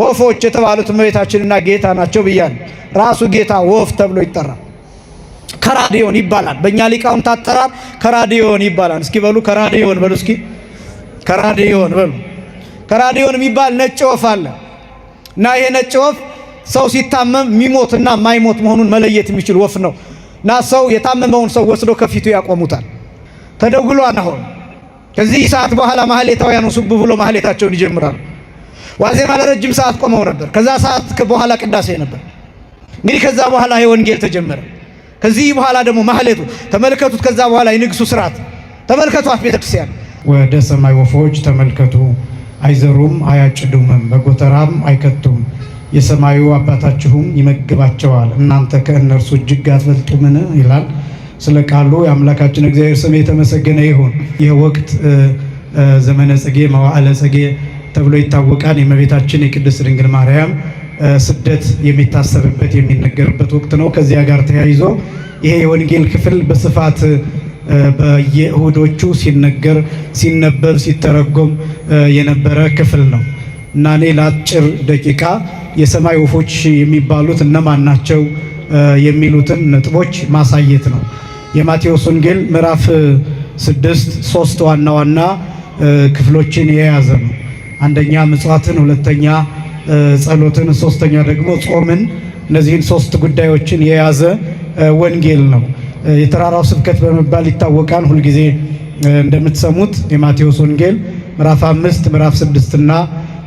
ወፎች የተባሉት እመቤታችንና ጌታ ናቸው ብያል። ራሱ ጌታ ወፍ ተብሎ ይጠራል። ከራዲዮን ይባላል። በእኛ ሊቃውንት አጠራር ከራዲዮን ይባላል። እስኪ በሉ ከራዲዮን በሉ እስኪ ከራዲዮን በሉ። ከራዲዮን የሚባል ነጭ ወፍ አለ እና ይሄ ነጭ ወፍ ሰው ሲታመም የሚሞትና ማይሞት መሆኑን መለየት የሚችል ወፍ ነው እና ሰው የታመመውን ሰው ወስዶ ከፊቱ ያቆሙታል። ተደውሎ አናሆን ከዚህ ሰዓት በኋላ ማህሌታውያኑ ሱብ ብሎ ማህሌታቸውን ይጀምራሉ። ዋዜማ ለረጅም ሰዓት ቆመው ነበር። ከዛ ሰዓት በኋላ ቅዳሴ ነበር። እንግዲህ ከዛ በኋላ የወንጌል ተጀመረ። ከዚህ በኋላ ደግሞ ማህሌቱ ተመልከቱት። ከዛ በኋላ የንግሱ ስርዓት ተመልከቱ። አፍ ቤተክርስቲያን ወደ ሰማይ ወፎች ተመልከቱ፣ አይዘሩም አያጭዱምም፣ በጎተራም አይከቱም፣ የሰማዩ አባታችሁም ይመግባቸዋል። እናንተ ከእነርሱ እጅግ አትበልጡምን? ይላል። ስለ ቃሉ የአምላካችን እግዚአብሔር ስም የተመሰገነ ይሁን። ይህ ወቅት ዘመነ ጽጌ መዋዕለ ጽጌ ተብሎ ይታወቃል። የእመቤታችን የቅድስት ድንግል ማርያም ስደት የሚታሰብበት የሚነገርበት ወቅት ነው። ከዚያ ጋር ተያይዞ ይሄ የወንጌል ክፍል በስፋት በየእሁዶቹ ሲነገር፣ ሲነበብ፣ ሲተረጎም የነበረ ክፍል ነው እና እኔ ለአጭር ደቂቃ የሰማይ ወፎች የሚባሉት እነማን ናቸው የሚሉትን ነጥቦች ማሳየት ነው። የማቴዎስ ወንጌል ምዕራፍ ስድስት ሶስት ዋና ዋና ክፍሎችን የያዘ ነው። አንደኛ ምጽዋትን፣ ሁለተኛ ጸሎትን፣ ሶስተኛ ደግሞ ጾምን። እነዚህን ሶስት ጉዳዮችን የያዘ ወንጌል ነው። የተራራው ስብከት በመባል ይታወቃል። ሁልጊዜ እንደምትሰሙት የማቴዎስ ወንጌል ምዕራፍ አምስት ምዕራፍ ስድስትና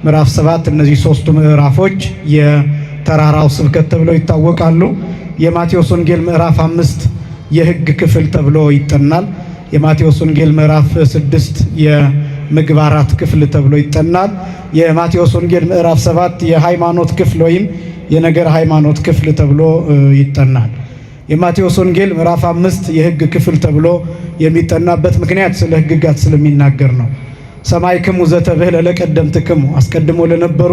ምዕራፍ ሰባት እነዚህ ሶስቱ ምዕራፎች የተራራው ስብከት ተብለው ይታወቃሉ። የማቴዎስ ወንጌል ምዕራፍ አምስት የሕግ ክፍል ተብሎ ይጠናል። የማቴዎስ ወንጌል ምዕራፍ ስድስት ምግባራት ክፍል ተብሎ ይጠናል። የማቴዎስ ወንጌል ምዕራፍ ሰባት የሃይማኖት ክፍል ወይም የነገር ሃይማኖት ክፍል ተብሎ ይጠናል። የማቴዎስ ወንጌል ምዕራፍ አምስት የህግ ክፍል ተብሎ የሚጠናበት ምክንያት ስለ ሕግጋት ስለሚናገር ነው። ሰማዕክሙ ዘተብህለ ለቀደምትክሙ፣ አስቀድሞ ለነበሩ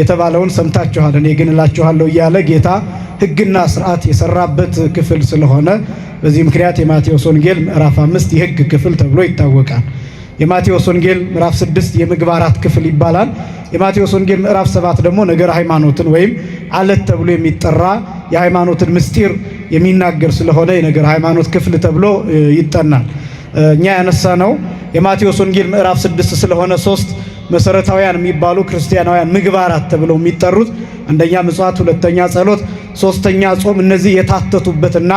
የተባለውን ሰምታችኋል፣ እኔ ግን እላችኋለሁ እያለ ጌታ ህግና ስርዓት የሰራበት ክፍል ስለሆነ በዚህ ምክንያት የማቴዎስ ወንጌል ምዕራፍ አምስት የህግ ክፍል ተብሎ ይታወቃል። የማቴዎስ ወንጌል ምዕራፍ 6 አራት ክፍል ይባላል። የማቴዎስ ወንጌል ምዕራፍ 7 ደግሞ ነገር ሃይማኖትን ወይም አለት ተብሎ የሚጠራ የሃይማኖትን ምስጢር የሚናገር ስለሆነ የነገር ሃይማኖት ክፍል ተብሎ ይጠናል። እኛ ያነሳ ነው የማቴዎስ ወንጌል ምዕራፍ 6 ስለሆነ ሶስት መሰረታውያን የሚባሉ ክርስቲያናውያን አራት ተብለው የሚጠሩት አንደኛ ምጽዋት፣ ሁለተኛ ጸሎት፣ ሶስተኛ ጾም እነዚህ የታተቱበትና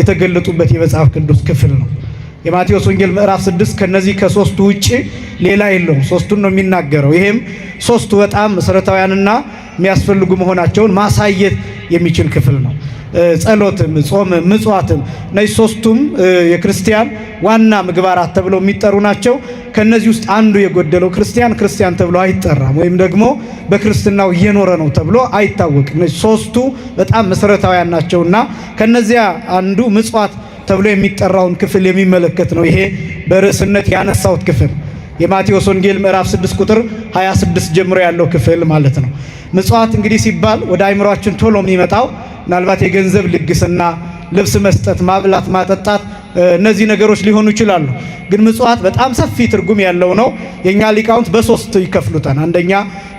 የተገለጡበት የመጽሐፍ ቅዱስ ክፍል ነው። የማቴዎስ ወንጌል ምዕራፍ ስድስት ከነዚህ ከሶስቱ ውጪ ሌላ የለውም። ሶስቱን ነው የሚናገረው። ይሄም ሶስቱ በጣም መሰረታውያንና የሚያስፈልጉ መሆናቸውን ማሳየት የሚችል ክፍል ነው። ጸሎትም፣ ጾምም፣ ምጽዋትም እነዚህ ሶስቱም የክርስቲያን ዋና ምግባራት ተብለው የሚጠሩ ናቸው። ከነዚህ ውስጥ አንዱ የጎደለው ክርስቲያን ክርስቲያን ተብሎ አይጠራም፣ ወይም ደግሞ በክርስትናው እየኖረ ነው ተብሎ አይታወቅም። እነዚህ ሶስቱ በጣም መሰረታውያን ናቸውና ከነዚያ አንዱ ምጽዋት ተብሎ የሚጠራውን ክፍል የሚመለከት ነው። ይሄ በርዕስነት ያነሳሁት ክፍል የማቴዎስ ወንጌል ምዕራፍ 6 ቁጥር 26 ጀምሮ ያለው ክፍል ማለት ነው። ምጽዋት እንግዲህ ሲባል ወደ አይምሯችን ቶሎ የሚመጣው ምናልባት የገንዘብ ልግስና፣ ልብስ መስጠት፣ ማብላት፣ ማጠጣት እነዚህ ነገሮች ሊሆኑ ይችላሉ። ግን ምጽዋት በጣም ሰፊ ትርጉም ያለው ነው። የኛ ሊቃውንት በሶስት ይከፍሉታል። አንደኛ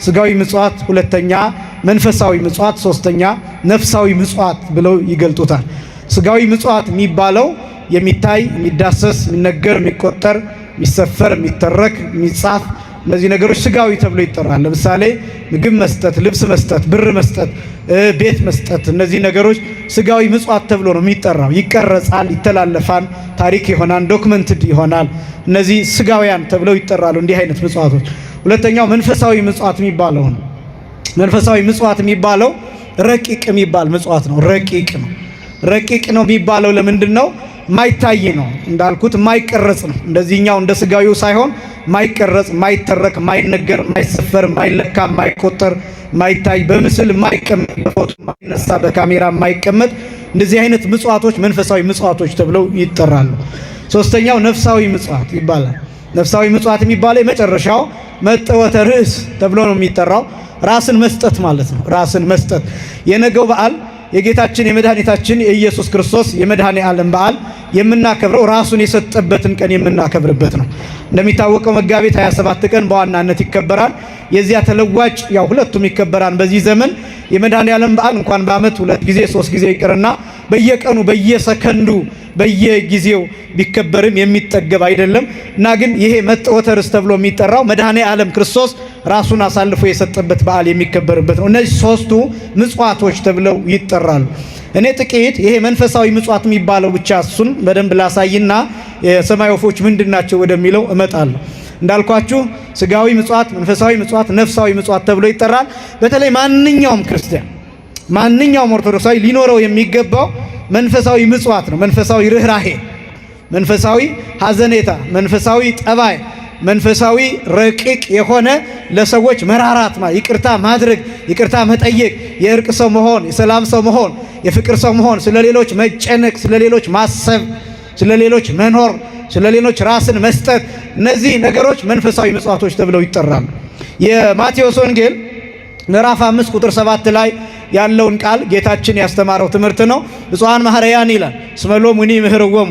ስጋዊ ምጽዋት፣ ሁለተኛ መንፈሳዊ ምጽዋት፣ ሶስተኛ ነፍሳዊ ምጽዋት ብለው ይገልጡታል። ስጋዊ ምጽዋት የሚባለው የሚታይ፣ የሚዳሰስ፣ የሚነገር፣ የሚቆጠር፣ የሚሰፈር፣ የሚተረክ፣ የሚጻፍ እነዚህ ነገሮች ስጋዊ ተብሎ ይጠራል። ለምሳሌ ምግብ መስጠት፣ ልብስ መስጠት፣ ብር መስጠት፣ ቤት መስጠት፣ እነዚህ ነገሮች ስጋዊ ምጽዋት ተብሎ ነው የሚጠራው። ይቀረጻል፣ ይተላለፋል፣ ታሪክ ይሆናል፣ ዶክመንትድ ይሆናል። እነዚህ ስጋውያን ተብለው ይጠራሉ፣ እንዲህ አይነት ምጽዋቶች። ሁለተኛው መንፈሳዊ ምጽዋት የሚባለው ነው። መንፈሳዊ ምጽዋት የሚባለው ረቂቅ የሚባል ምጽዋት ነው። ረቂቅ ነው። ረቂቅ ነው የሚባለው ለምንድን ነው? ማይታይ ነው እንዳልኩት ማይቀረጽ ነው። እንደዚህኛው እንደ ስጋዩ ሳይሆን ማይቀረጽ፣ ማይተረክ፣ ማይነገር፣ ማይሰፈር፣ ማይለካ፣ ማይቆጠር፣ ማይታይ፣ በምስል ማይቀመጥ፣ በፎቶ ማይነሳ፣ በካሜራ ማይቀመጥ እንደዚህ አይነት ምጽዋቶች መንፈሳዊ ምጽዋቶች ተብለው ይጠራሉ። ሶስተኛው ነፍሳዊ ምጽዋት ይባላል። ነፍሳዊ ምጽዋት የሚባለው የመጨረሻው መጠወተ ርዕስ ተብሎ ነው የሚጠራው። ራስን መስጠት ማለት ነው። ራስን መስጠት የነገው በዓል የጌታችን የመድኃኒታችን የኢየሱስ ክርስቶስ የመድኃኔ ዓለም በዓል የምናከብረው ራሱን የሰጠበትን ቀን የምናከብርበት ነው። እንደሚታወቀው መጋቢት 27 ቀን በዋናነት ይከበራል። የዚያ ተለዋጭ ያው ሁለቱም ይከበራል በዚህ ዘመን የመድኃኔዓለም በዓል እንኳን በዓመት ሁለት ጊዜ ሶስት ጊዜ ይቅርና በየቀኑ በየሰከንዱ በየጊዜው ቢከበርም የሚጠገብ አይደለም እና ግን ይሄ መጠወተርስ ተብሎ የሚጠራው መድኃኔዓለም ክርስቶስ ራሱን አሳልፎ የሰጠበት በዓል የሚከበርበት ነው። እነዚህ ሶስቱ ምጽዋቶች ተብለው ይጠራሉ። እኔ ጥቂት ይሄ መንፈሳዊ ምጽዋት የሚባለው ብቻ እሱን በደንብ ላሳይና የሰማይ ወፎች ምንድናቸው ወደሚለው እመጣለሁ። እንዳልኳችሁ ስጋዊ ምጽዋት፣ መንፈሳዊ ምጽዋት፣ ነፍሳዊ ምጽዋት ተብሎ ይጠራል። በተለይ ማንኛውም ክርስቲያን ማንኛውም ኦርቶዶክሳዊ ሊኖረው የሚገባው መንፈሳዊ ምጽዋት ነው። መንፈሳዊ ርኅራሄ፣ መንፈሳዊ ሐዘኔታ፣ መንፈሳዊ ጠባይ፣ መንፈሳዊ ረቂቅ የሆነ ለሰዎች መራራት፣ ይቅርታ ማድረግ፣ ይቅርታ መጠየቅ፣ የእርቅ ሰው መሆን፣ የሰላም ሰው መሆን፣ የፍቅር ሰው መሆን፣ ስለ ሌሎች መጨነቅ፣ ስለ ሌሎች ማሰብ፣ ስለ ሌሎች መኖር ስለ ሌሎች ራስን መስጠት፣ እነዚህ ነገሮች መንፈሳዊ መጽዋቶች ተብለው ይጠራሉ። የማቴዎስ ወንጌል ምዕራፍ አምስት ቁጥር ሰባት ላይ ያለውን ቃል ጌታችን ያስተማረው ትምህርት ነው። ብፁዓን ማህረያን ይላል ስመሎም ውኒ ምህርወሙ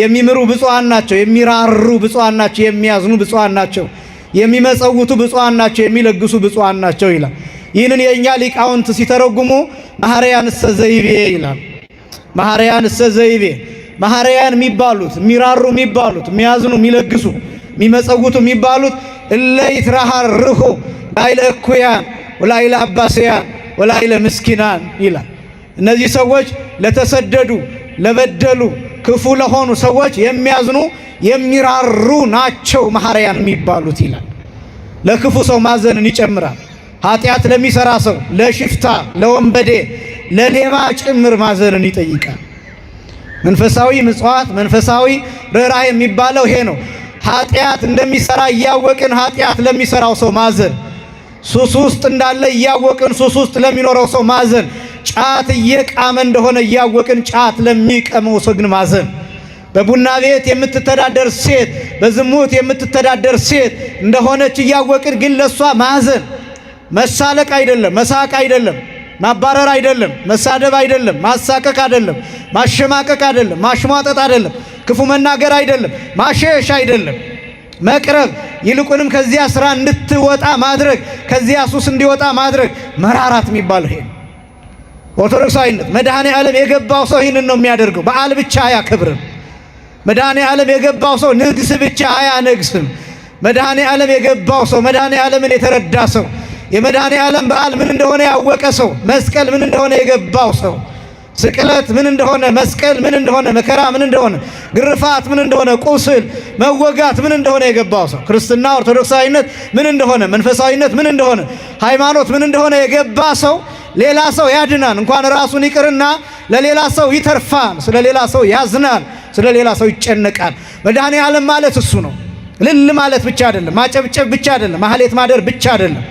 የሚምሩ ብፁዓን ናቸው፣ የሚራሩ ብፁዓን ናቸው፣ የሚያዝኑ ብፁዓን ናቸው፣ የሚመጸውቱ ብፁዓን ናቸው፣ የሚለግሱ ብፁዓን ናቸው ይላል። ይህንን የእኛ ሊቃውንት ሲተረጉሙ ማህረያን እሰ ዘይቤ ይላል። ማህረያን እሰ ዘይቤ መሐሪያን የሚባሉት የሚራሩ የሚባሉት የሚያዝኑ የሚለግሱ የሚመጸጉቱ የሚባሉት እለ ርሁ ላይለ እኩያን ወላይለ አባስያን ወላይለ ምስኪናን ይላል። እነዚህ ሰዎች ለተሰደዱ፣ ለበደሉ፣ ክፉ ለሆኑ ሰዎች የሚያዝኑ የሚራሩ ናቸው መሐሪያን የሚባሉት ይላል። ለክፉ ሰው ማዘንን ይጨምራል። ኃጢአት ለሚሰራ ሰው፣ ለሽፍታ፣ ለወንበዴ፣ ለሌባ ጭምር ማዘንን ይጠይቃል። መንፈሳዊ ምጽዋት፣ መንፈሳዊ ርኅራኄ የሚባለው ይሄ ነው። ኃጢአት እንደሚሰራ እያወቅን ኃጢአት ለሚሰራው ሰው ማዘን፣ ሱስ ውስጥ እንዳለ እያወቅን ሱስ ውስጥ ለሚኖረው ሰው ማዘን፣ ጫት እየቃመ እንደሆነ እያወቅን ጫት ለሚቀመው ሰው ግን ማዘን በቡና ቤት የምትተዳደር ሴት በዝሙት የምትተዳደር ሴት እንደሆነች እያወቅን ግን ለሷ ማዘን መሳለቅ አይደለም፣ መሳቅ አይደለም ማባረር አይደለም፣ መሳደብ አይደለም፣ ማሳቀቅ አይደለም፣ ማሸማቀቅ አይደለም፣ ማሽሟጠጥ አይደለም፣ ክፉ መናገር አይደለም፣ ማሸሽ አይደለም፣ መቅረብ ይልቁንም ከዚያ ስራ እንድትወጣ ማድረግ፣ ከዚያ ሱስ እንዲወጣ ማድረግ መራራት የሚባለው ይሄ ኦርቶዶክሳዊነት። መድኃኔ ዓለም የገባው ሰው ይህንን ነው የሚያደርገው። በዓል ብቻ አያከብርም። መድኃኔ ዓለም የገባው ሰው ንግስ ብቻ አያነግስም። መድኃኔ ዓለም የገባው ሰው መድኃኔ ዓለምን የተረዳ ሰው የመድኃኔ ዓለም በዓል ምን እንደሆነ ያወቀ ሰው፣ መስቀል ምን እንደሆነ የገባው ሰው፣ ስቅለት ምን እንደሆነ፣ መስቀል ምን እንደሆነ፣ መከራ ምን እንደሆነ፣ ግርፋት ምን እንደሆነ፣ ቁስል መወጋት ምን እንደሆነ የገባው ሰው፣ ክርስትና ኦርቶዶክሳዊነት ምን እንደሆነ፣ መንፈሳዊነት ምን እንደሆነ፣ ሃይማኖት ምን እንደሆነ የገባ ሰው ሌላ ሰው ያድናል፣ እንኳን ራሱን ይቅርና ለሌላ ሰው ይተርፋል፣ ስለ ሌላ ሰው ያዝናል፣ ስለ ሌላ ሰው ይጨነቃል። መድኃኔ ዓለም ማለት እሱ ነው። ልል ማለት ብቻ አይደለም፣ ማጨብጨብ ብቻ አይደለም፣ ማህሌት ማደር ብቻ አይደለም።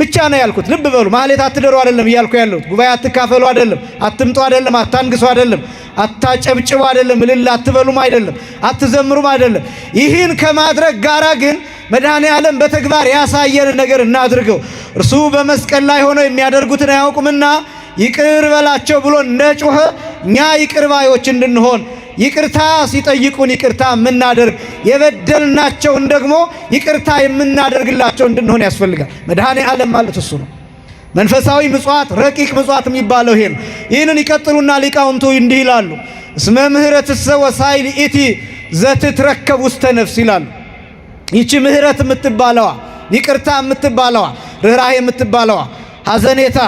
ብቻ ነው ያልኩት። ልብ በሉ ማህሌት አትደሩ አይደለም እያልኩ ያለሁት ጉባኤ አትካፈሉ አይደለም፣ አትምጡ አይደለም፣ አታንግሱ አይደለም፣ አታጨብጭቡ አይደለም፣ እልል አትበሉም አይደለም፣ አትዘምሩም አይደለም። ይህን ከማድረግ ጋራ ግን መድኃኔ ዓለም በተግባር ያሳየንን ነገር እናድርገው። እርሱ በመስቀል ላይ ሆነው የሚያደርጉትን አያውቁምና ይቅር በላቸው ብሎ እንደጮኸ እኛ ይቅር ባዮች እንድንሆን ይቅርታ ሲጠይቁን ይቅርታ የምናደርግ የበደልናቸውን ደግሞ ይቅርታ የምናደርግላቸው እንድንሆን ያስፈልጋል። መድኃኔ ዓለም ማለት እሱ ነው። መንፈሳዊ ምጽዋት፣ ረቂቅ ምጽዋት የሚባለው ይሄ ነው። ይህንን ይቀጥሉና ሊቃውንቱ እንዲህ ይላሉ፣ እስመ ሰወ ሳይል ኢቲ ዘትትረከብ ውስተ ነፍስ ይላሉ። ይቺ ምህረት የምትባለዋ ይቅርታ የምትባለዋ ርኅራህ የምትባለዋ ሐዘኔታ፣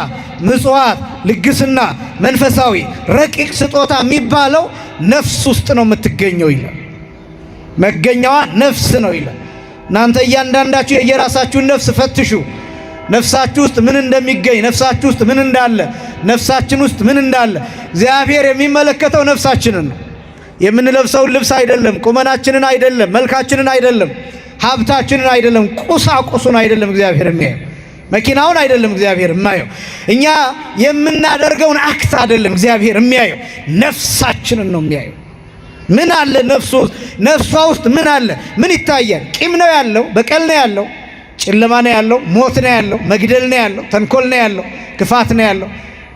ምጽዋት፣ ልግስና፣ መንፈሳዊ ረቂቅ ስጦታ የሚባለው ነፍስ ውስጥ ነው የምትገኘው ይላል። መገኛዋ ነፍስ ነው ይላል። እናንተ እያንዳንዳችሁ የየራሳችሁን ነፍስ ፈትሹ። ነፍሳችሁ ውስጥ ምን እንደሚገኝ፣ ነፍሳችሁ ውስጥ ምን እንዳለ፣ ነፍሳችን ውስጥ ምን እንዳለ። እግዚአብሔር የሚመለከተው ነፍሳችንን ነው። የምንለብሰውን ልብስ አይደለም፣ ቁመናችንን አይደለም፣ መልካችንን አይደለም፣ ሀብታችንን አይደለም፣ ቁሳቁሱን አይደለም እግዚአብሔር የሚያየው መኪናውን አይደለም እግዚአብሔር የማየው፣ እኛ የምናደርገውን አክት አይደለም እግዚአብሔር የሚያየው፣ ነፍሳችንን ነው የሚያየው። ምን አለ ነፍሱ ነፍሷ ውስጥ ምን አለ? ምን ይታያል? ቂም ነው ያለው፣ በቀል ነው ያለው፣ ጨለማ ነው ያለው፣ ሞት ነው ያለው፣ መግደል ነው ያለው፣ ተንኮል ነው ያለው፣ ክፋት ነው ያለው፣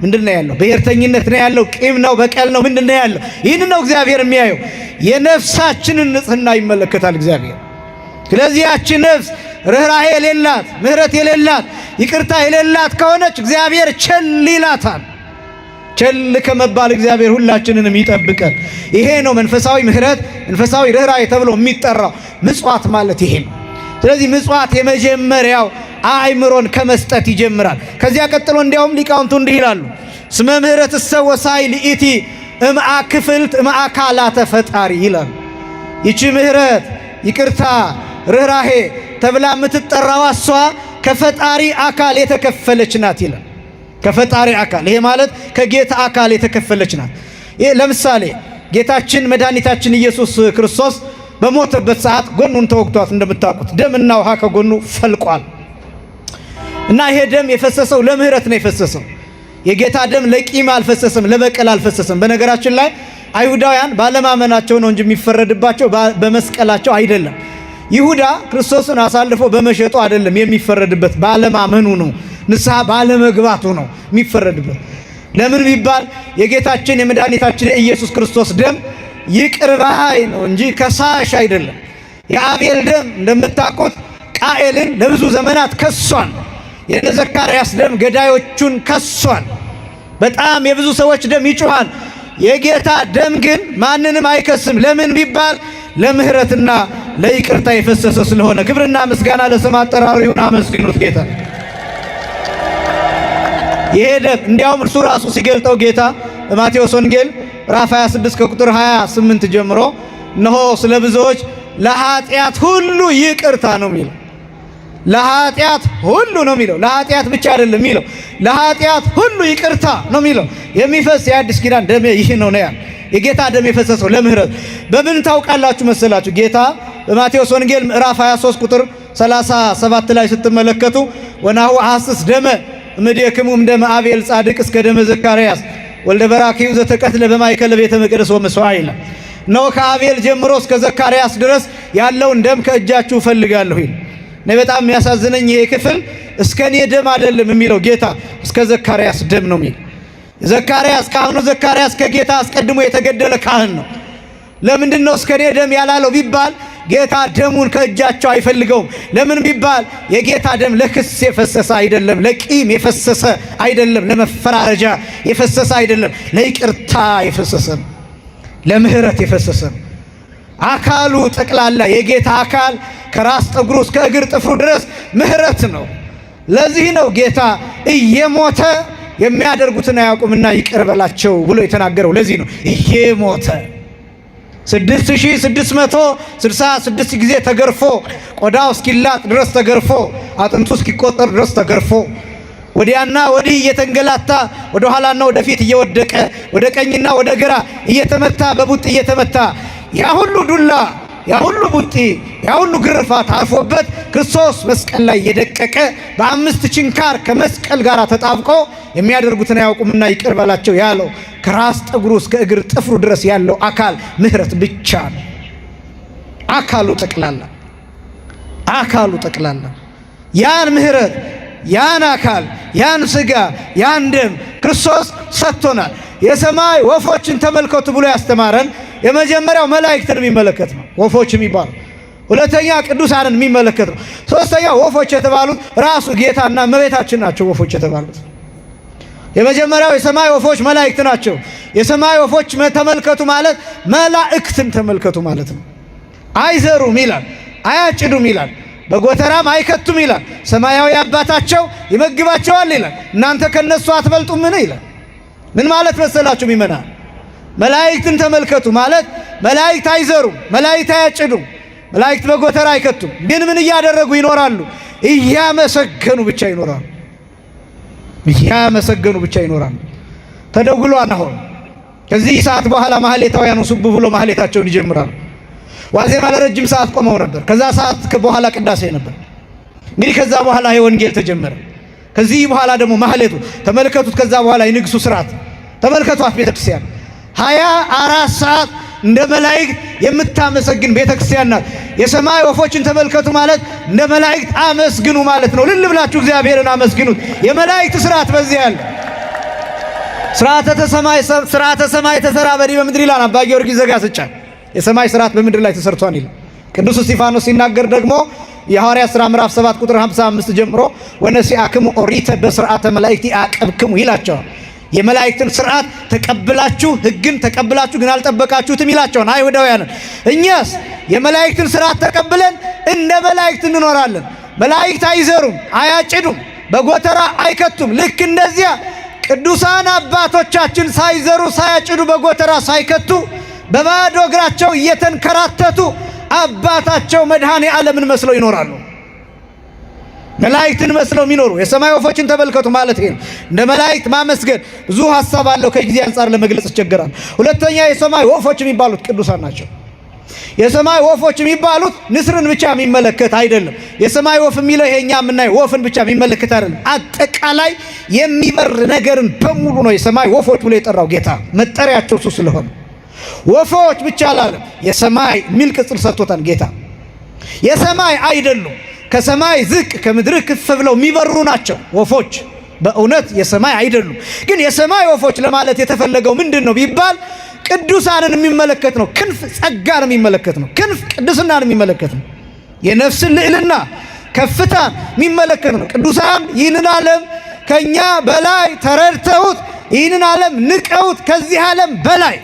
ምንድን ነው ያለው? ብሔርተኝነት ነው ያለው፣ ቂም ነው፣ በቀል ነው፣ ምንድን ነው ያለው? ይህን ነው እግዚአብሔር የሚያየው። የነፍሳችንን ንጽህና ይመለከታል እግዚአብሔር። ስለዚህ ያቺ ነፍስ ርኅራሄ የሌላት ምሕረት የሌላት ይቅርታ የሌላት ከሆነች እግዚአብሔር ቸል ይላታል። ቸል ከመባል እግዚአብሔር ሁላችንንም ይጠብቀን። ይሄ ነው መንፈሳዊ ምሕረት፣ መንፈሳዊ ርኅራሄ ተብሎ የሚጠራው ምጽዋት ማለት ይሄ ነው። ስለዚህ ምጽዋት የመጀመሪያው አእምሮን ከመስጠት ይጀምራል። ከዚያ ቀጥሎ እንዲያውም ሊቃውንቱ እንዲህ ይላሉ ስመ ምሕረት እሰወሳይ ልኢቲ እምአ ክፍልት እምአካላተ ፈጣሪ ይላሉ። ይቺ ምሕረት ይቅርታ ርኅራሄ ተብላ የምትጠራዋ እሷ ከፈጣሪ አካል የተከፈለች ናት ይላል። ከፈጣሪ አካል ይሄ ማለት ከጌታ አካል የተከፈለች ናት። ለምሳሌ ጌታችን መድኃኒታችን ኢየሱስ ክርስቶስ በሞተበት ሰዓት ጎኑን ተወግቷት እንደምታውቁት ደምና ውሃ ከጎኑ ፈልቋል እና ይሄ ደም የፈሰሰው ለምህረት ነው የፈሰሰው። የጌታ ደም ለቂም አልፈሰሰም፣ ለበቀል አልፈሰሰም። በነገራችን ላይ አይሁዳውያን ባለማመናቸው ነው እንጂ የሚፈረድባቸው በመስቀላቸው አይደለም። ይሁዳ ክርስቶስን አሳልፎ በመሸጡ አይደለም የሚፈረድበት፣ ባለማመኑ ነው። ንስሐ ባለመግባቱ ነው የሚፈረድበት። ለምን ቢባል የጌታችን የመድኃኒታችን የኢየሱስ ክርስቶስ ደም ይቅር ባይ ነው እንጂ ከሳሽ አይደለም። የአቤል ደም እንደምታውቁት ቃኤልን ለብዙ ዘመናት ከሷል። የዘካርያስ ደም ገዳዮቹን ከሷል። በጣም የብዙ ሰዎች ደም ይጩሃል የጌታ ደም ግን ማንንም አይከስም። ለምን ቢባል ለምህረትና ለይቅርታ የፈሰሰ ስለሆነ ክብርና ምስጋና ለስም አጠራሪውን አመስግኑት። ጌታ የሄደ እንዲያውም እርሱ ራሱ ሲገልጠው ጌታ ማቴዎስ ወንጌል ራፍ 26 ከቁጥር 28 ጀምሮ እነሆ ስለ ብዙዎች ለኃጢአት ሁሉ ይቅርታ ነው የሚለው። ለኃጢአት ሁሉ ነው የሚለው። ለኃጢአት ብቻ አይደለም የሚለው፣ ለኃጢአት ሁሉ ይቅርታ ነው የሚለው። የሚፈስ የአዲስ ኪዳን ደሜ ይህ ነው ነው የጌታ ደም የፈሰሰው ለምህረት። በምን ታውቃላችሁ መሰላችሁ? ጌታ በማቴዎስ ወንጌል ምዕራፍ 23 ቁጥር 37 ላይ ስትመለከቱ ወናሁ አስስ ደመ እምድክሙ እምደመ አቤል ጻድቅ እስከ ደመ ዘካርያስ ወልደ በራኪው ዘተቀትለ በማይከለ ቤተ መቅደስ ወመሥዋዕ ይላል። እነሆ ከአቤል ጀምሮ እስከ ዘካርያስ ድረስ ያለውን ደም ከእጃችሁ እፈልጋለሁ ይል እኔ በጣም የሚያሳዝነኝ ይሄ ክፍል እስከ እኔ ደም አይደለም የሚለው ጌታ እስከ ዘካርያስ ደም ነው የሚል ዘካርያስ ካህኑ ዘካርያስ ከጌታ አስቀድሞ የተገደለ ካህን ነው። ለምንድን ነው እስከ ደም ያላለው ቢባል ጌታ ደሙን ከእጃቸው አይፈልገውም። ለምን ቢባል የጌታ ደም ለክስ የፈሰሰ አይደለም፣ ለቂም የፈሰሰ አይደለም፣ ለመፈራረጃ የፈሰሰ አይደለም፣ ለይቅርታ የፈሰሰ ነው፣ ለምህረት የፈሰሰ ነው። አካሉ ጠቅላላ የጌታ አካል ከራስ ጠጉሩ እስከ እግር ጥፍሩ ድረስ ምህረት ነው። ለዚህ ነው ጌታ እየሞተ የሚያደርጉትን አያውቁምና ይቅር በላቸው ብሎ የተናገረው ለዚህ ነው። ይሄ ሞተ 6666 ጊዜ ተገርፎ ቆዳው እስኪላጥ ድረስ ተገርፎ አጥንቱ እስኪቆጠር ድረስ ተገርፎ ወዲያና ወዲህ እየተንገላታ ወደ ኋላና ወደፊት እየወደቀ ወደ ቀኝና ወደ ግራ እየተመታ በቡጥ እየተመታ ያ ሁሉ ዱላ ያ ሁሉ ቡጢ ያ ሁሉ ግርፋት አርፎበት ክርስቶስ መስቀል ላይ የደቀቀ በአምስት ችንካር ከመስቀል ጋር ተጣብቆ የሚያደርጉትን አያውቁምና ይቅር በላቸው ያለው ከራስ ጠጉሩ እስከ እግር ጥፍሩ ድረስ ያለው አካል ምሕረት ብቻ ነው። አካሉ ጠቅላላ አካሉ ጠቅላላ ያን ምሕረት ያን አካል ያን ስጋ ያን ደም ክርስቶስ ሰጥቶናል። የሰማይ ወፎችን ተመልከቱ ብሎ ያስተማረን የመጀመሪያው መላእክትን የሚመለከት ነው፣ ወፎች የሚባሉ ሁለተኛ ቅዱሳንን የሚመለከት ነው። ሶስተኛ ወፎች የተባሉት ራሱ ጌታና መቤታችን ናቸው። ወፎች የተባሉት የመጀመሪያው የሰማይ ወፎች መላእክት ናቸው። የሰማይ ወፎች ተመልከቱ ማለት መላእክትን ተመልከቱ ማለት ነው። አይዘሩም ይላል፣ አያጭዱም ይላል በጎተራም አይከቱም ይላል። ሰማያዊ አባታቸው ይመግባቸዋል ይላል። እናንተ ከነሱ አትበልጡምን ይላል። ምን ማለት መሰላችሁ? ሚመና መላእክትን ተመልከቱ ማለት መላእክት አይዘሩም፣ መላእክት አያጭዱም፣ መላእክት በጎተራ አይከቱም። ግን ምን እያደረጉ ይኖራሉ? እያመሰገኑ ብቻ ይኖራሉ። እያመሰገኑ ብቻ ይኖራሉ። ተደውሏን አሁን ከዚህ ሰዓት በኋላ ማህሌታውያኑ ሱብ ብሎ ማህሌታቸውን ይጀምራሉ። ዋዜማ ለረጅም ሰዓት ቆመው ነበር። ከዛ ሰዓት በኋላ ቅዳሴ ነበር። እንግዲህ ከዛ በኋላ ወንጌል ተጀመረ። ከዚህ በኋላ ደግሞ ማህሌቱ ተመልከቱት። ከዛ በኋላ የንግሱ ስርዓት ተመልከቱ። አፍ ቤተክርስቲያን ሀያ አራት ሰዓት እንደ መላእክት የምታመሰግን ቤተክርስቲያን ናት። የሰማይ ወፎችን ተመልከቱ ማለት እንደ መላእክት አመስግኑ ማለት ነው። ልል ብላችሁ እግዚአብሔርን አመስግኑት። የመላእክት ስርዓት በዚህ ያለ ስርዓተ ሰማይ ተሰራ በዲ በምድር ይላል አባ ጊዮርጊስ ዘጋስጫ። የሰማይ ስርዓት በምድር ላይ ተሰርቷን ይላል ቅዱስ እስጢፋኖስ ሲናገር ደግሞ የሐዋርያት ሥራ ምዕራፍ 7 ቁጥር 55 ጀምሮ ወነሲአክሙ ኦሪተ በስርዓተ መላእክቲ አቀብክሙ ይላቸዋል። የመላእክትን ስርዓት ተቀብላችሁ ህግን ተቀብላችሁ ግን አልጠበቃችሁትም ይላቸዋል አይሁዳውያንን። እኛስ የመላእክትን ስርዓት ተቀብለን እንደ መላእክት እንኖራለን። መላእክት አይዘሩም፣ አያጭዱም፣ በጎተራ አይከቱም። ልክ እንደዚያ ቅዱሳን አባቶቻችን ሳይዘሩ ሳያጭዱ በጎተራ ሳይከቱ በባዶ እግራቸው እየተንከራተቱ አባታቸው መድኃኔ ዓለምን መስለው ይኖራሉ። መላእክትን መስለው የሚኖሩ የሰማይ ወፎችን ተመልከቱ ማለት ይሄ ነው። እንደ መላእክት ማመስገን ብዙ ሀሳብ አለው። ከጊዜ አንጻር ለመግለጽ ይቸገራል። ሁለተኛ የሰማይ ወፎች የሚባሉት ቅዱሳን ናቸው። የሰማይ ወፎች የሚባሉት ንስርን ብቻ የሚመለከት አይደለም። የሰማይ ወፍ የሚለው ይሄ እኛ የምናየው ወፍን ብቻ የሚመለከት አይደለም። አጠቃላይ የሚበር ነገርን በሙሉ ነው የሰማይ ወፎች ብሎ የጠራው ጌታ መጠሪያቸው እሱ ስለሆነ ወፎች ብቻ አላለም። የሰማይ ሚል ቅጽል ሰጥቶታል ጌታ። የሰማይ አይደሉም፣ ከሰማይ ዝቅ ከምድር ክፍ ብለው የሚበሩ ናቸው ወፎች። በእውነት የሰማይ አይደሉም። ግን የሰማይ ወፎች ለማለት የተፈለገው ምንድን ነው ቢባል ቅዱሳንን የሚመለከት ነው። ክንፍ ጸጋን የሚመለከት ነው። ክንፍ ቅዱስናን የሚመለከት ነው። የነፍስን ልዕልና ከፍታን የሚመለከት ነው። ቅዱሳን ይህንን ዓለም ከእኛ በላይ ተረድተውት ይህንን ዓለም ንቀውት ከዚህ ዓለም በላይ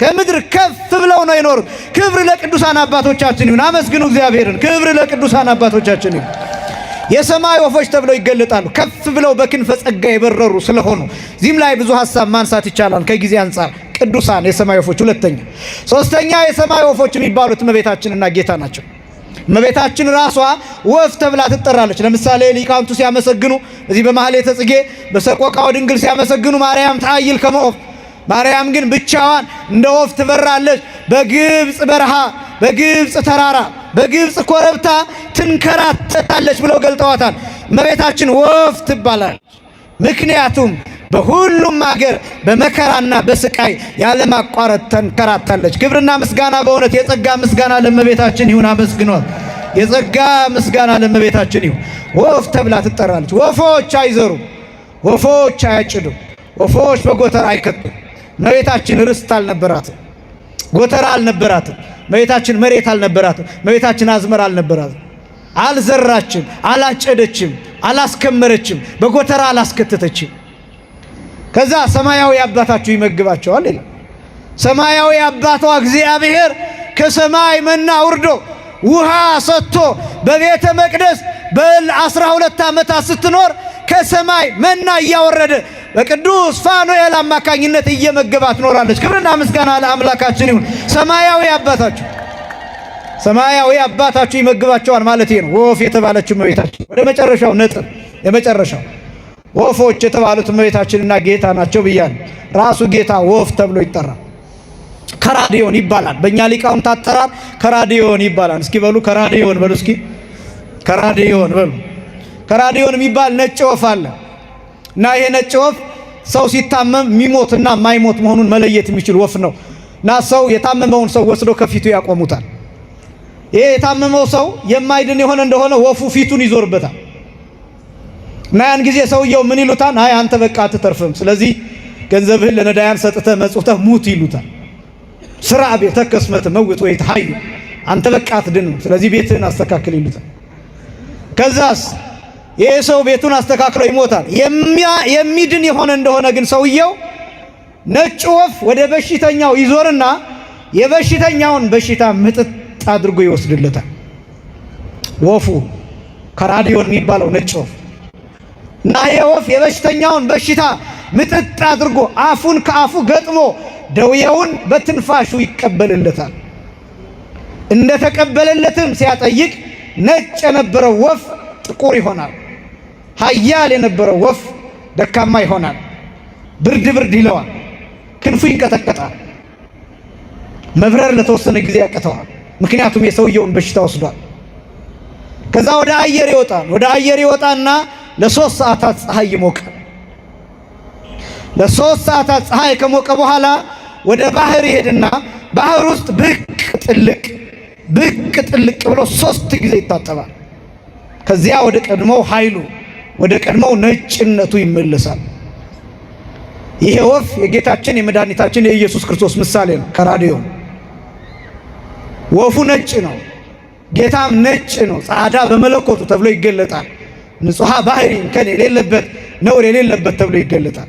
ከምድር ከፍ ብለው ነው የኖሩት። ክብር ለቅዱሳን አባቶቻችን ይሁን። አመስግኑ እግዚአብሔርን። ክብር ለቅዱሳን አባቶቻችን ይሁን። የሰማይ ወፎች ተብለው ይገለጣሉ። ከፍ ብለው በክንፈ ጸጋ የበረሩ ስለሆኑ እዚህም ላይ ብዙ ሀሳብ ማንሳት ይቻላል ከጊዜ አንጻር። ቅዱሳን የሰማይ ወፎች ሁለተኛ። ሶስተኛ የሰማይ ወፎች የሚባሉት እመቤታችንና ጌታ ናቸው። እመቤታችን ራሷ ወፍ ተብላ ትጠራለች። ለምሳሌ ሊቃውንቱ ሲያመሰግኑ እዚህ በማህሌተ ጽጌ በሰቆቃወ ድንግል ሲያመሰግኑ ማርያም ታይል ከመወፍ ማርያም ግን ብቻዋን እንደ ወፍ ትበራለች። በግብፅ በረሃ፣ በግብፅ ተራራ፣ በግብፅ ኮረብታ ትንከራተታለች ብለው ገልጠዋታል። እመቤታችን ወፍ ትባላለች። ምክንያቱም በሁሉም አገር በመከራና በስቃይ ያለማቋረጥ ተንከራታለች። ክብርና ምስጋና በእውነት የጸጋ ምስጋና ለእመቤታችን ይሁን። አመስግኗት። የጸጋ ምስጋና ለእመቤታችን ይሁን። ወፍ ተብላ ትጠራለች። ወፎች አይዘሩም፣ ወፎች አያጭዱም፣ ወፎች በጎተራ አይከቱም። መሬታችን ርስት አልነበራትም፣ ጎተራ አልነበራትም። መሬታችን መሬት አልነበራትም። መሬታችን አዝመራ አልነበራትም። አልዘራችም፣ አላጨደችም፣ አላስከመረችም፣ በጎተራ አላስከተተችም። ከዛ ሰማያዊ አባታችሁ ይመግባቸዋል ይላል። ሰማያዊ አባቷ እግዚአብሔር ከሰማይ መና ውርዶ ውሃ ሰጥቶ በቤተ መቅደስ በአስራ ሁለት ዓመታት ስትኖር ከሰማይ መና እያወረደ በቅዱስ ፋኑኤል አማካኝነት እየመገባ ትኖራለች። ክብርና ምስጋና ለአምላካችን ይሁን። ሰማያዊ አባታችሁ ሰማያዊ አባታችሁ ይመግባቸዋል ማለት ነው። ወፍ የተባለችው እመቤታችን ወደ መጨረሻው ነጥብ የመጨረሻው ወፎች የተባሉት እመቤታችንና ጌታ ናቸው ብያል። ራሱ ጌታ ወፍ ተብሎ ይጠራል። ከራዲዮን ይባላል። በእኛ ሊቃውንት አጠራር ከራዲዮን ይባላል። እስኪ በሉ ከራዲዮን በሉ፣ እስኪ ከራዲዮን በሉ። ከራዲዮን የሚባል ነጭ ወፍ አለ። እና ይሄ ነጭ ወፍ ሰው ሲታመም የሚሞት እና የማይሞት መሆኑን መለየት የሚችል ወፍ ነው። እና ሰው የታመመውን ሰው ወስዶ ከፊቱ ያቆሙታል። ይሄ የታመመው ሰው የማይድን የሆነ እንደሆነ ወፉ ፊቱን ይዞርበታል። እና ያን ጊዜ ሰውየው ምን ይሉታል? አይ አንተ በቃ አትተርፍም፣ ስለዚህ ገንዘብህን ለነዳያን ሰጥተህ መጽውተህ ሙት ይሉታል። ስራ ቤተከስመት መውጥ ወይ ተሐዩ አንተ በቃ አትድንም፣ ስለዚህ ቤትህን አስተካክል ይሉታል። ከዛስ ይህ ሰው ቤቱን አስተካክሎ ይሞታል። የሚድን የሆነ እንደሆነ ግን ሰውየው ነጭ ወፍ ወደ በሽተኛው ይዞርና የበሽተኛውን በሽታ ምጥጥ አድርጎ ይወስድለታል። ወፉ ከራዲዮን የሚባለው ነጭ ወፍ እና ይህ ወፍ የበሽተኛውን በሽታ ምጥጥ አድርጎ አፉን ከአፉ ገጥሞ ደውየውን በትንፋሹ ይቀበልለታል። እንደተቀበለለትም ሲያጠይቅ ነጭ የነበረው ወፍ ጥቁር ይሆናል። ሀያል የነበረው ወፍ ደካማ ይሆናል። ብርድ ብርድ ይለዋል። ክንፉ ይንቀጠቀጣል። መብረር ለተወሰነ ጊዜ ያቅተዋል። ምክንያቱም የሰውየውን በሽታ ወስዷል። ከዛ ወደ አየር ይወጣል። ወደ አየር ይወጣና ለሶስት ሰዓታት ፀሐይ ይሞቃል። ለሶስት ሰዓታት ፀሐይ ከሞቀ በኋላ ወደ ባህር ይሄድና ባህር ውስጥ ብቅ ጥልቅ ብቅ ጥልቅ ብሎ ሶስት ጊዜ ይታጠባል። ከዚያ ወደ ቀድሞው ኃይሉ ወደ ቀድሞው ነጭነቱ ይመለሳል። ይሄ ወፍ የጌታችን የመድኃኒታችን የኢየሱስ ክርስቶስ ምሳሌ ነው። ከራዲዮ ወፉ ነጭ ነው፣ ጌታም ነጭ ነው። ጻዳ በመለኮቱ ተብሎ ይገለጣል። ንጹሃ ባህሪ እንከን የሌለበት ነውር የሌለበት ተብሎ ይገለጣል።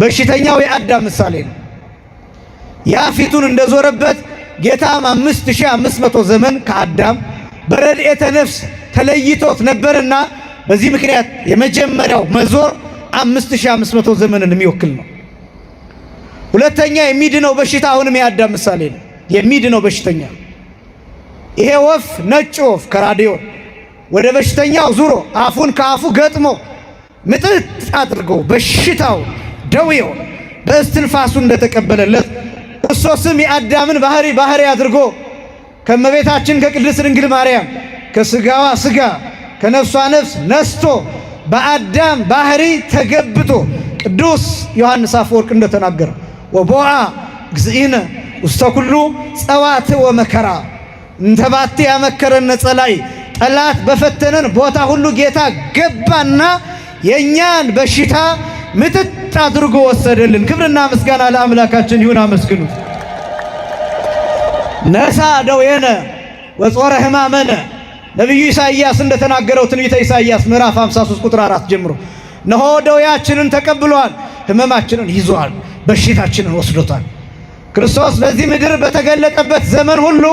በሽተኛው የአዳም ምሳሌ ነው። ያ ፊቱን እንደዞረበት ጌታም አምስት ሺህ አምስት መቶ ዘመን ከአዳም በረድኤተ ነፍስ ተለይቶት ነበርና በዚህ ምክንያት የመጀመሪያው መዞር 5500 ዘመንን የሚወክል ነው። ሁለተኛ የሚድነው በሽታ አሁንም የአዳም ምሳሌ ነው። የሚድነው በሽተኛ ይሄ ወፍ ነጭ ወፍ ከራዲዮ ወደ በሽተኛው ዙሮ አፉን ከአፉ ገጥሞ ምጥጥ አድርጎ በሽታው ደዌው በእስትንፋሱ እንደተቀበለለት ክርስቶስም የአዳምን ባህሪ ባህሪ አድርጎ ከእመቤታችን ከቅድስት ድንግል ማርያም ከስጋዋ ስጋ ከነፍሷ ነፍስ ነስቶ በአዳም ባህሪ ተገብቶ ቅዱስ ዮሐንስ አፈወርቅ እንደተናገረ ወቦአ እግዚእነ ውስተ ኩሉ ጸዋት ወመከራ እንተባቲ ያመከረነ ነጸላይ ጠላት በፈተነን ቦታ ሁሉ ጌታ ገባና የእኛን በሽታ ምጥጥ አድርጎ ወሰደልን። ክብርና ምስጋና ለአምላካችን ይሁን፣ አመስግኑት። ነሳ ደዌነ ወጾረ ሕማመነ ነቢዩ ኢሳይያስ እንደተናገረው ትንቢተ ኢሳይያስ ምዕራፍ 53 ቁጥር 4 ጀምሮ ነሆ ደዌያችንን ተቀብሏል፣ ህመማችንን ይዟል፣ በሽታችንን ወስዶታል። ክርስቶስ በዚህ ምድር በተገለጠበት ዘመን ሁሉ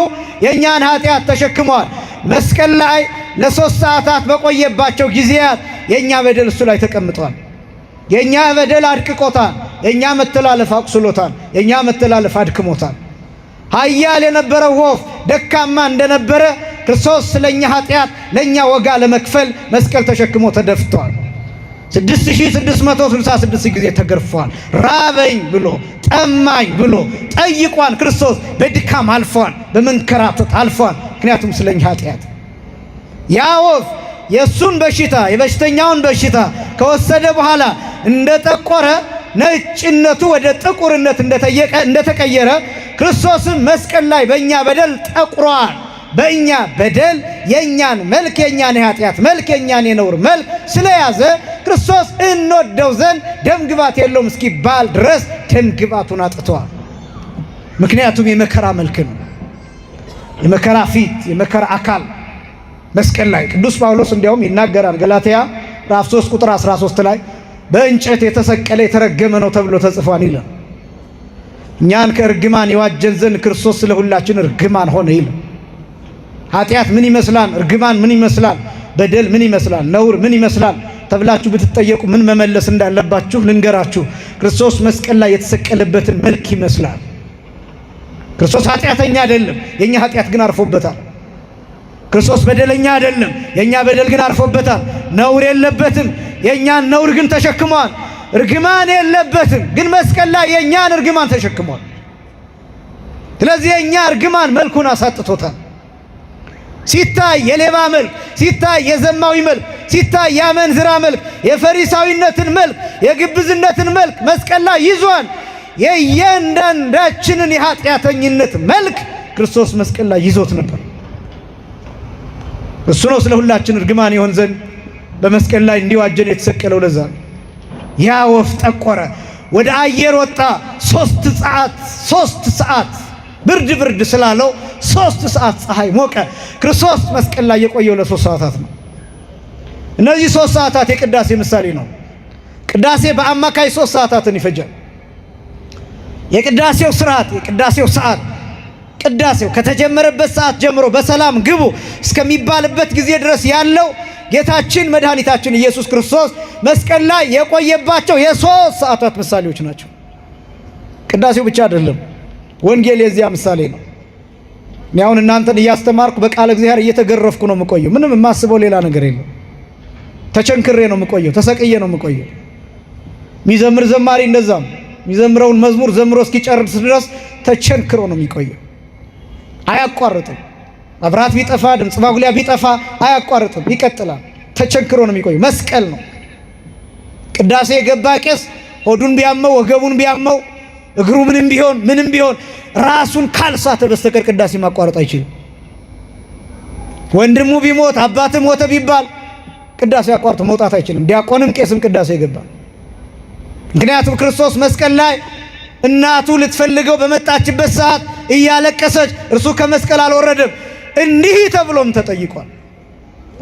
የእኛን ኃጢአት ተሸክሟል። መስቀል ላይ ለሶስት ሰዓታት በቆየባቸው ጊዜያት የእኛ በደል እሱ ላይ ተቀምጧል። የእኛ በደል አድቅቆታል። የእኛ መተላለፍ አቁስሎታል። የእኛ መተላለፍ አድክሞታል። ኃያል የነበረው ወፍ ደካማ እንደነበረ ክርስቶስ ስለኛ ኃጢአት ለኛ ወጋ ለመክፈል መስቀል ተሸክሞ ተደፍቷል። 6666 ጊዜ ተገርፏል። ራበኝ ብሎ ጠማኝ ብሎ ጠይቋል። ክርስቶስ በድካም አልፏል፣ በመንከራተት አልፏል። ምክንያቱም ስለኛ ኃጢአት ያ ወፍ የእሱን በሽታ የበሽተኛውን በሽታ ከወሰደ በኋላ እንደጠቆረ ነጭነቱ ወደ ጥቁርነት እንደተቀየረ ክርስቶስም መስቀል ላይ በእኛ በደል ጠቁሯል። በእኛ በደል የእኛን መልክ የእኛን የኃጢአት መልክ የእኛን የነውር መልክ ስለያዘ ክርስቶስ እንወደው ዘንድ ደምግባት የለውም እስኪባል ድረስ ደምግባቱን አጥተዋል። ምክንያቱም የመከራ መልክ ነው፣ የመከራ ፊት፣ የመከራ አካል መስቀል ላይ ቅዱስ ጳውሎስ እንዲያውም ይናገራል። ገላትያ ራፍ 3 ቁጥር 13 ላይ በእንጨት የተሰቀለ የተረገመ ነው ተብሎ ተጽፏል ይላል። እኛን ከእርግማን የዋጀን ዘንድ ክርስቶስ ስለሁላችን እርግማን ሆነ ይላል። ኃጢአት ምን ይመስላል? እርግማን ምን ይመስላል? በደል ምን ይመስላል? ነውር ምን ይመስላል? ተብላችሁ ብትጠየቁ ምን መመለስ እንዳለባችሁ ልንገራችሁ። ክርስቶስ መስቀል ላይ የተሰቀለበትን መልክ ይመስላል። ክርስቶስ ኃጢአተኛ አይደለም፣ የእኛ ኃጢአት ግን አርፎበታል። ክርስቶስ በደለኛ አይደለም፣ የእኛ በደል ግን አርፎበታል። ነውር የለበትም፣ የእኛን ነውር ግን ተሸክሟል። እርግማን የለበትም፣ ግን መስቀል ላይ የእኛን እርግማን ተሸክሟል። ስለዚህ የእኛ እርግማን መልኩን አሳጥቶታል። ሲታይ የሌባ መልክ፣ ሲታይ የዘማዊ መልክ፣ ሲታይ የአመንዝራ መልክ፣ የፈሪሳዊነትን መልክ፣ የግብዝነትን መልክ መስቀል ላይ ይዟል። የእያንዳንዳችንን የኃጢአተኝነት መልክ ክርስቶስ መስቀል ላይ ይዞት ነበር። እሱ ነው ስለ ሁላችን እርግማን ይሆን ዘንድ በመስቀል ላይ እንዲዋጀን የተሰቀለው። ለዛ ያ ወፍ ጠቆረ፣ ወደ አየር ወጣ ሶስት ሰዓት ሶስት ሰዓት ብርድ ብርድ ስላለው ሶስት ሰዓት ፀሐይ ሞቀ። ክርስቶስ መስቀል ላይ የቆየው ለሶስት ሰዓታት ነው። እነዚህ ሶስት ሰዓታት የቅዳሴ ምሳሌ ነው። ቅዳሴ በአማካይ ሶስት ሰዓታትን ይፈጃል። የቅዳሴው ስርዓት፣ የቅዳሴው ሰዓት ቅዳሴው ከተጀመረበት ሰዓት ጀምሮ በሰላም ግቡ እስከሚባልበት ጊዜ ድረስ ያለው ጌታችን መድኃኒታችን ኢየሱስ ክርስቶስ መስቀል ላይ የቆየባቸው የሶስት ሰዓታት ምሳሌዎች ናቸው። ቅዳሴው ብቻ አይደለም። ወንጌል የዚያ ምሳሌ ነው። እኔ አሁን እናንተን እያስተማርኩ በቃለ እግዚአብሔር እየተገረፍኩ ነው የምቆየው። ምንም የማስበው ሌላ ነገር የለም። ተቸንክሬ ነው የምቆየው፣ ተሰቅዬ ነው የምቆየው። የሚዘምር ዘማሪ እንደዛም የሚዘምረውን መዝሙር ዘምሮ እስኪጨርስ ድረስ ተቸንክሮ ነው የሚቆየው። አያቋርጥም። መብራት ቢጠፋ፣ ድምፅ ማጉሊያ ቢጠፋ አያቋርጥም፣ ይቀጥላል። ተቸንክሮ ነው የሚቆየው። መስቀል ነው ቅዳሴ የገባ ቄስ ሆዱን ቢያመው ወገቡን ቢያመው እግሩ ምንም ቢሆን ምንም ቢሆን ራሱን ካልሳተ በስተቀር ቅዳሴ ማቋረጥ አይችልም። ወንድሙ ቢሞት አባት ሞተ ቢባል ቅዳሴ አቋርጦ መውጣት አይችልም። ዲያቆንም ቄስም ቅዳሴ ይገባ። ምክንያቱም ክርስቶስ መስቀል ላይ እናቱ ልትፈልገው በመጣችበት ሰዓት እያለቀሰች እርሱ ከመስቀል አልወረደም። እንዲህ ተብሎም ተጠይቋል።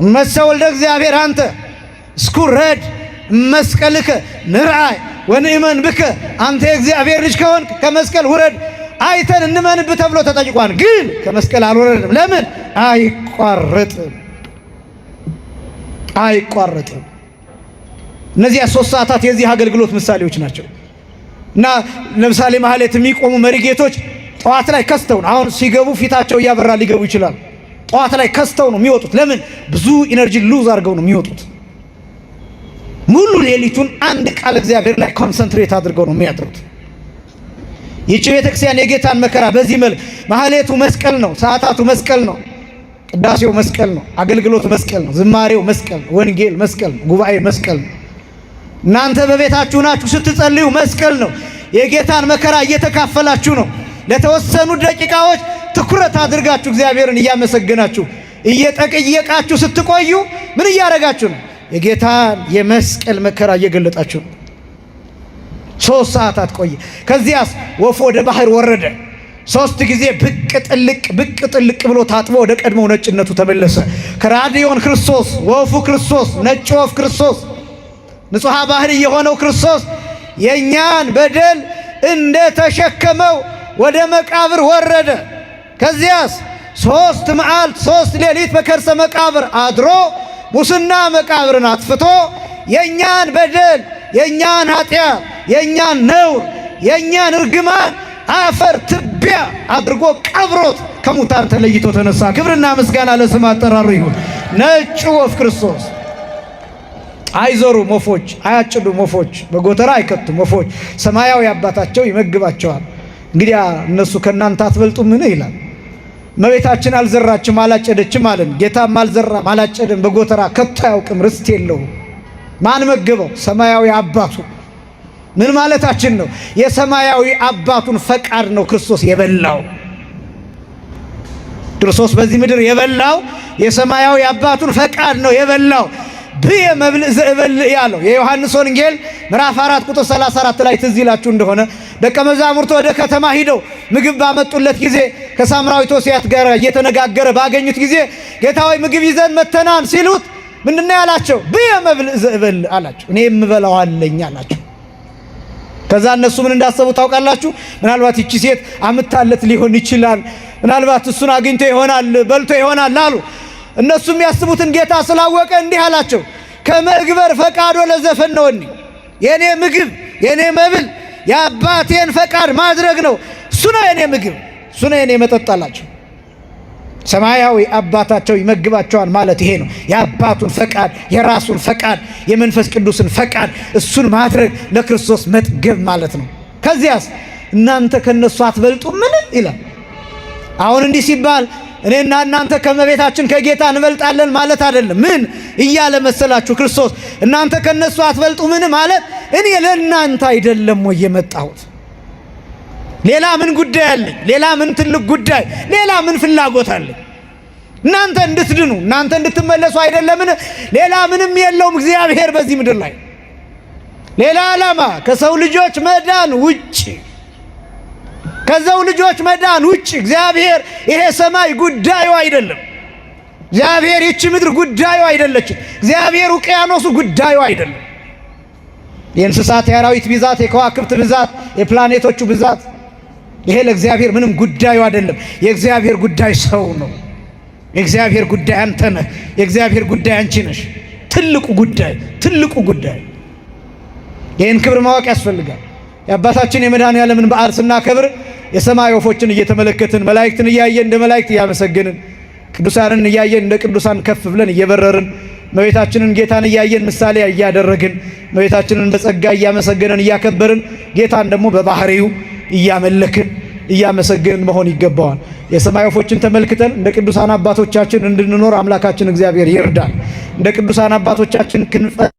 እመሰ ወልደ እግዚአብሔር አንተ እስኩ ረድ መስቀልከ ንርአይ ወንእመን ብከ አንተ የእግዚአብሔር ልጅ ከሆንክ ከመስቀል ውረድ አይተን እንመንብህ ተብሎ ተጠይቋል። ግን ከመስቀል አልወረድም። ለምን? አይቋረጥም፣ አይቋረጥም። እነዚያ ሶስት ሰዓታት የዚህ አገልግሎት ምሳሌዎች ናቸው። እና ለምሳሌ ማህሌት የሚቆሙ መሪጌቶች ጠዋት ላይ ከስተው ነው። አሁን ሲገቡ ፊታቸው እያበራ ሊገቡ ይችላል። ጠዋት ላይ ከስተው ነው የሚወጡት። ለምን? ብዙ ኢነርጂ ሉዝ አድርገው ነው የሚወጡት። ሙሉ ሌሊቱን አንድ ቃል እግዚአብሔር ላይ ኮንሰንትሬት አድርገው ነው የሚያጥሩት። ይቺ ቤተክርስቲያን የጌታን መከራ በዚህ መልክ ማህሌቱ መስቀል ነው፣ ሰዓታቱ መስቀል ነው፣ ቅዳሴው መስቀል ነው፣ አገልግሎቱ መስቀል ነው፣ ዝማሬው መስቀል ነው፣ ወንጌል መስቀል ነው፣ ጉባኤ መስቀል ነው። እናንተ በቤታችሁ ናችሁ ስትጸልዩ መስቀል ነው። የጌታን መከራ እየተካፈላችሁ ነው። ለተወሰኑ ደቂቃዎች ትኩረት አድርጋችሁ እግዚአብሔርን እያመሰገናችሁ እየጠቅየቃችሁ ስትቆዩ ምን እያደረጋችሁ ነው? የጌታን የመስቀል መከራ እየገለጣችሁ ሶስት ሰዓታት ቆየ። ከዚያስ ወፍ ወደ ባህር ወረደ። ሶስት ጊዜ ብቅ ጥልቅ ብቅ ጥልቅ ብሎ ታጥቦ ወደ ቀድሞው ነጭነቱ ተመለሰ። ከራዲዮን ክርስቶስ ወፉ ክርስቶስ ነጭ ወፍ ክርስቶስ ንጹሐ ባህር የሆነው ክርስቶስ የእኛን በደል እንደ ተሸከመው ወደ መቃብር ወረደ። ከዚያስ ሶስት መዓልት ሶስት ሌሊት በከርሰ መቃብር አድሮ ሙስና መቃብርን አጥፍቶ የእኛን በደል፣ የእኛን ኃጢአት፣ የእኛን ነውር፣ የእኛን እርግማን አፈር ትቢያ አድርጎ ቀብሮት ከሙታን ተለይቶ ተነሳ። ክብርና ምስጋና ለስም አጠራሩ ይሁን። ነጩ ወፍ ክርስቶስ አይዞሩም ወፎች፣ አያጭዱም ወፎች፣ በጎተራ አይከቱም ወፎች፣ ሰማያዊ አባታቸው ይመግባቸዋል። እንግዲያ እነሱ ከእናንተ አትበልጡምን ይላል። መቤታችን አልዘራችም አላጨደችም አለን። ጌታም አልዘራም አላጨደም በጎተራ ከቶ አያውቅም፣ ርስት የለውም። ማን መገበው? ሰማያዊ አባቱ። ምን ማለታችን ነው? የሰማያዊ አባቱን ፈቃድ ነው ክርስቶስ የበላው። ክርስቶስ በዚህ ምድር የበላው የሰማያዊ አባቱን ፈቃድ ነው የበላው። ብየ መብል ዘእበል ያለው የዮሐንስ ወንጌል ምዕራፍ 4 ቁጥር 34 ላይ ትዝ ይላችሁ እንደሆነ ደቀ መዛሙርቱ ወደ ከተማ ሂደው ምግብ ባመጡለት ጊዜ ከሳምራዊ ወስያት ጋር እየተነጋገረ ባገኙት ጊዜ ጌታ ሆይ ምግብ ይዘን መተናን ሲሉት ምንድን ነው ያላቸው? ብየ መብል ዘእበል አላቸው። እኔ የምበላው አለኝ አላቸው። ከዛ እነሱ ምን እንዳሰቡ ታውቃላችሁ? ምናልባት ይቺ ሴት አምታለት ሊሆን ይችላል፣ ምናልባት እሱን አግኝቶ ይሆናል በልቶ ይሆናል አሉ። እነሱ የሚያስቡትን ጌታ ስላወቀ እንዲህ አላቸው፣ ከመግበር ፈቃዶ ለዘፈነወኒ የእኔ ምግብ የእኔ መብል የአባቴን ፈቃድ ማድረግ ነው። እሱ ነው የእኔ ምግብ፣ እሱ ነው የእኔ መጠጥ አላቸው። ሰማያዊ አባታቸው ይመግባቸዋል ማለት ይሄ ነው። የአባቱን ፈቃድ፣ የራሱን ፈቃድ፣ የመንፈስ ቅዱስን ፈቃድ እሱን ማድረግ ለክርስቶስ መጥገብ ማለት ነው። ከዚያስ እናንተ ከነሱ አትበልጡ ምን ይላል። አሁን እንዲህ ሲባል እኔና እናንተ ከመቤታችን ከጌታ እንበልጣለን ማለት አይደለም። ምን እያለ መሰላችሁ ክርስቶስ እናንተ ከነሱ አትበልጡ ምን ማለት እኔ ለእናንተ አይደለም ወይ የመጣሁት? ሌላ ምን ጉዳይ አለኝ? ሌላ ምን ትልቅ ጉዳይ፣ ሌላ ምን ፍላጎት አለኝ? እናንተ እንድትድኑ እናንተ እንድትመለሱ አይደለምን? ሌላ ምንም የለውም እግዚአብሔር በዚህ ምድር ላይ ሌላ ዓላማ ከሰው ልጆች መዳን ውጭ ከዛው ልጆች መዳን ውጭ እግዚአብሔር ይሄ ሰማይ ጉዳዩ አይደለም። እግዚአብሔር ይቺ ምድር ጉዳዩ አይደለችም። እግዚአብሔር ውቅያኖሱ ጉዳዩ አይደለም። የእንስሳት የአራዊት ብዛት፣ የከዋክብት ብዛት፣ የፕላኔቶቹ ብዛት ይሄ ለእግዚአብሔር ምንም ጉዳዩ አይደለም። የእግዚአብሔር ጉዳይ ሰው ነው። የእግዚአብሔር ጉዳይ አንተ ነህ። የእግዚአብሔር ጉዳይ አንቺ ነሽ። ትልቁ ጉዳይ ትልቁ ጉዳይ ይህን ክብር ማወቅ ያስፈልጋል። የአባታችን የመድኃኔ ዓለምን በዓል ስናከብር የሰማይ ወፎችን እየተመለከትን መላእክትን እያየን እንደ መላእክት እያመሰገንን ቅዱሳንን እያየን እንደ ቅዱሳን ከፍ ብለን እየበረርን መቤታችንን ጌታን እያየን ምሳሌ እያደረግን መቤታችንን በጸጋ እያመሰገንን እያከበርን ጌታን ደግሞ በባህሪው እያመለክን እያመሰገንን መሆን ይገባዋል። የሰማይ ወፎችን ተመልክተን እንደ ቅዱሳን አባቶቻችን እንድንኖር አምላካችን እግዚአብሔር ይርዳል። እንደ ቅዱሳን አባቶቻችን ክንፈ